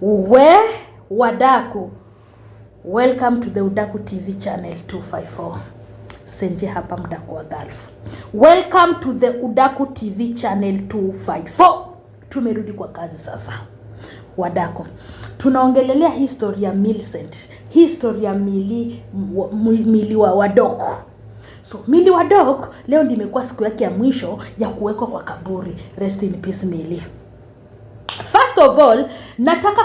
We wadaku, welcome to the Udaku TV channel 254. Senje hapa mdaku wa Gulf. Welcome to the Udaku TV channel 254. Tumerudi kwa kazi sasa wadaku. Tunaongelelea history ya Millicent, history ya mili, mili wa wadoku So Milly Wadok leo ndimekuwa siku yake ya mwisho ya kuwekwa kwa kaburi. Rest in peace mili first of all nataka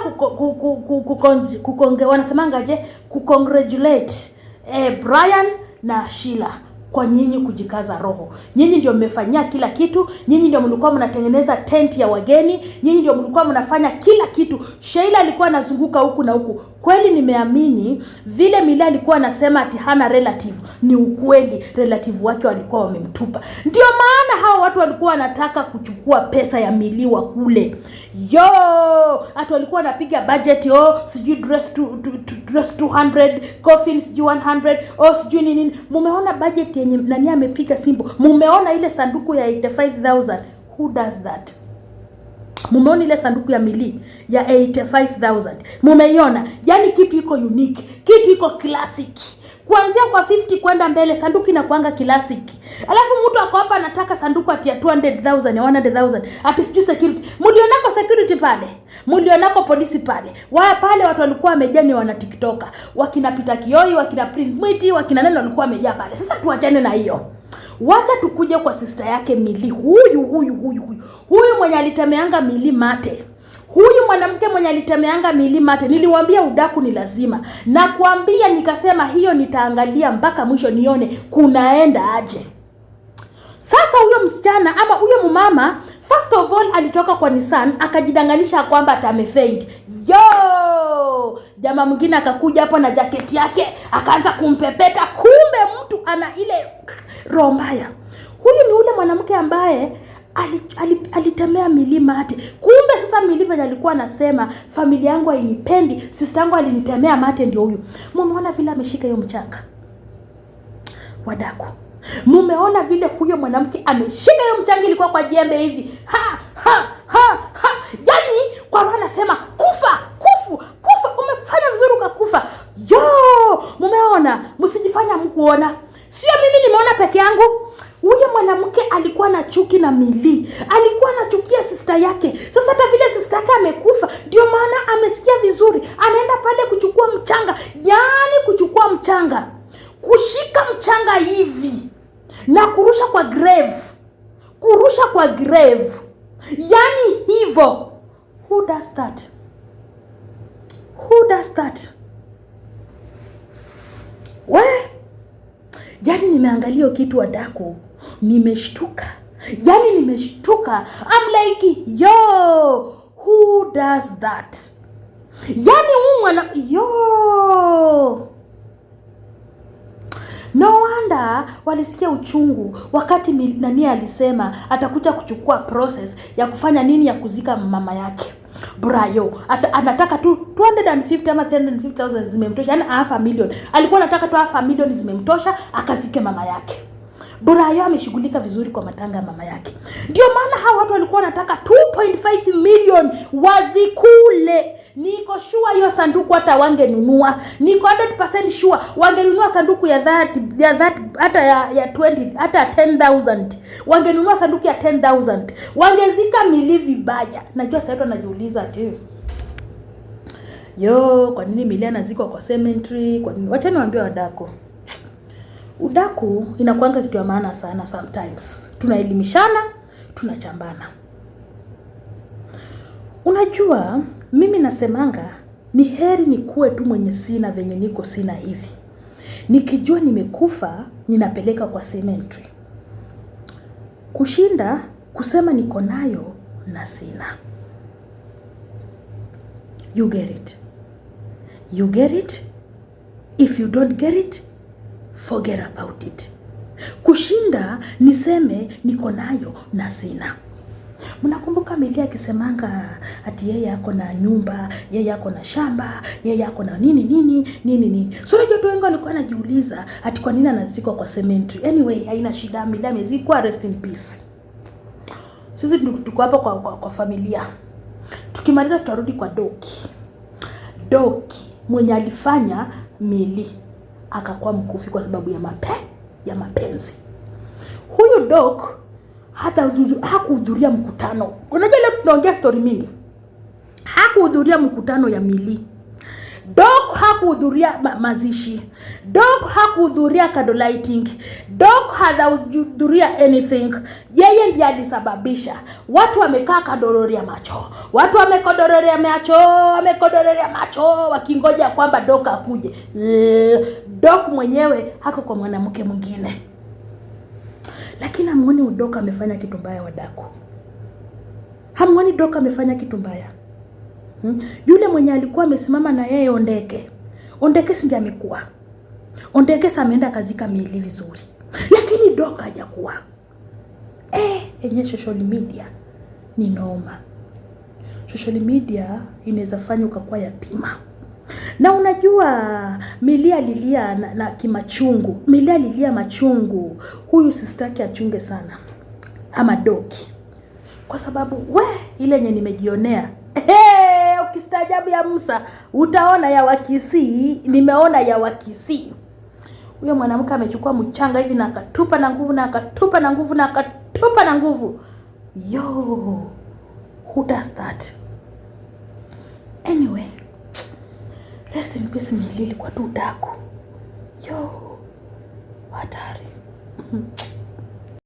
kukonge wanasemangaje kukongratulate eh, Brian na Sheila kwa nyinyi kujikaza roho. Nyinyi ndio mmefanyia kila kitu, nyinyi ndio mlikuwa mnatengeneza tent ya wageni, nyinyi ndio mlikuwa mnafanya kila kitu. Sheila alikuwa anazunguka huku na huku. Kweli nimeamini vile Mila alikuwa anasema ati hana relative, ni ukweli, relative wake walikuwa wamemtupa. Ndio maana hao watu walikuwa wanataka kuchukua pesa ya miliwa kule yo, hata walikuwa wanapiga budget oh, sijui dress to, to, to, dress 200 coffin sijui 100 au sijui nini. Mumeona budget yenye nani amepiga simbo? Mumeona ile sanduku ya 85000 who does that? Mumeona ile sanduku ya mili ya 85000 mumeiona? Yani kitu iko unique, kitu iko classic kuanzia kwa 50 kwenda mbele sanduku inakuanga classic. Alafu mtu ako hapa anataka sanduku ati ya 200,000 100,000 ati sijui security. Mlionako security pale, mlionako polisi pale. Waya pale watu walikuwa wamejani wana TikToker, wakina Peter Kioi, wakina Prince Mwiti, wakina nani walikuwa wameja pale. Sasa tuachane na hiyo. Wacha tukuje kwa sister yake Mili. Huyu huyu huyu huyu. Huyu mwenye alitemeanga Mili mate. Huyu mwanamke mwenye alitemeanga milima ate, niliwambia udaku ni lazima, na kuambia nikasema hiyo nitaangalia mpaka mwisho nione kunaenda aje. Sasa huyo msichana ama huyo mumama, first of all alitoka kwa Nissan akajidanganisha kwamba atamefaint. Yo, jamaa mwingine akakuja hapo na jaketi yake akaanza kumpepeta, kumbe mtu ana ile roho mbaya. Huyu ni ule mwanamke ambaye alitemea milima mate. Kumbe sasa milima alikuwa anasema familia yangu hainipendi, sister yangu alinitemea mate, ndio huyu. Mumeona vile ameshika hiyo mchanga, wadaku, mumeona vile huyo mwanamke ameshika hiyo mchanga, ilikuwa kwa jembe hivi, ha ha ha ha, yani na Milii. Alikuwa anachukia sista yake. Sasa hata vile sista yake amekufa, ndio maana amesikia vizuri, anaenda pale kuchukua mchanga, yaani kuchukua mchanga, kushika mchanga hivi na kurusha kwa grave, kurusha kwa grave, yaani hivyo. Who does that? Who does that? We, yaani nimeangalia kitu wadako, nimeshtuka yani nimeshtuka. I'm like, yo, who does that? Yani huyu mwana yo No wonder walisikia uchungu wakati nani alisema atakuja kuchukua process ya kufanya nini ya kuzika mama yake. Brayo At, anataka tu 250 ama 350,000 zimemtosha, yani half a million. Alikuwa anataka tu half a million zimemtosha akazike mama yake. Burayo ameshughulika vizuri kwa matanga ya mama yake. Ndio maana hawa watu walikuwa wanataka 2.5 million wazikule. Niko sure hiyo sanduku hata wangenunua, niko 100% sure wangenunua sanduku ya that, ya that hata ya, ya 20 hata 10000 wangenunua sanduku ya 10000 wangezika mili vibaya. Najua sasa watu wanajiuliza ati yo, kwa nini milia nazikwa kwa cemetery? Kwa nini? Wacha niwaambie wadako Udaku inakuanga kitu ya maana sana sometimes. Tunaelimishana, tunachambana. Unajua, mimi nasemanga ni heri nikuwe tu mwenye sina venye niko sina hivi. Nikijua nimekufa, ninapeleka kwa cemetery. Kushinda kusema niko nayo na sina. You get it. You get it. If you don't get it, forget about it. Kushinda niseme niko nayo na sina. Mnakumbuka Amelia akisemanga ati yeye ako na nyumba, yeye ako na shamba, yeye ako na nini nini nini nini. So unajua watu wengi walikuwa wanajiuliza ati kwa nini anazikwa kwa cemetery. Anyway, haina shida, Amelia amezikwa, rest in peace. Sisi tuko hapa kwa, kwa, kwa familia. Tukimaliza tutarudi kwa Doki. Doki mwenye alifanya Mili akakuwa mkufi kwa sababu ya mape ya mapenzi. Huyu Doc hata hakuhudhuria mkutano. Unajua leo tunaongea story mingi, hakuhudhuria mkutano ya mili dok hakuhudhuria ma mazishi. dok hakuhudhuria candle lighting. Doc hajahudhuria anything. Yeye ndiye alisababisha watu wamekaa kadororia macho, watu wamekodororia macho, wamekodororia macho wakingoja kwamba dok akuje. Doc mwenyewe hako kwa mwanamke mwingine, lakini hamuoni Doc amefanya kitu mbaya. Wadaku, hamuoni Doc amefanya kitu mbaya hmm? Yule mwenye alikuwa amesimama na yeye Ondeke, Ondeke si ndiye amekuwa Ondeke, sasa ameenda kazika miili vizuri, lakini Doc hajakuwa eh, enye social media ni noma. Social media inaweza fanya ukakuwa yatima. Na unajua milia lilia na, na kimachungu, milia lilia machungu, huyu sistaki achunge sana ama doki, kwa sababu we ile yenye nimejionea Hey, ukistaajabu ya Musa utaona ya Wakisii. Nimeona ya Wakisii, huyo mwanamke amechukua mchanga hivi na akatupa na nguvu na akatupa na nguvu na akatupa na nguvu. Yo, who does that anyway Rest in peace Milili kwa tu daku. Yo. Hatari. Mhm.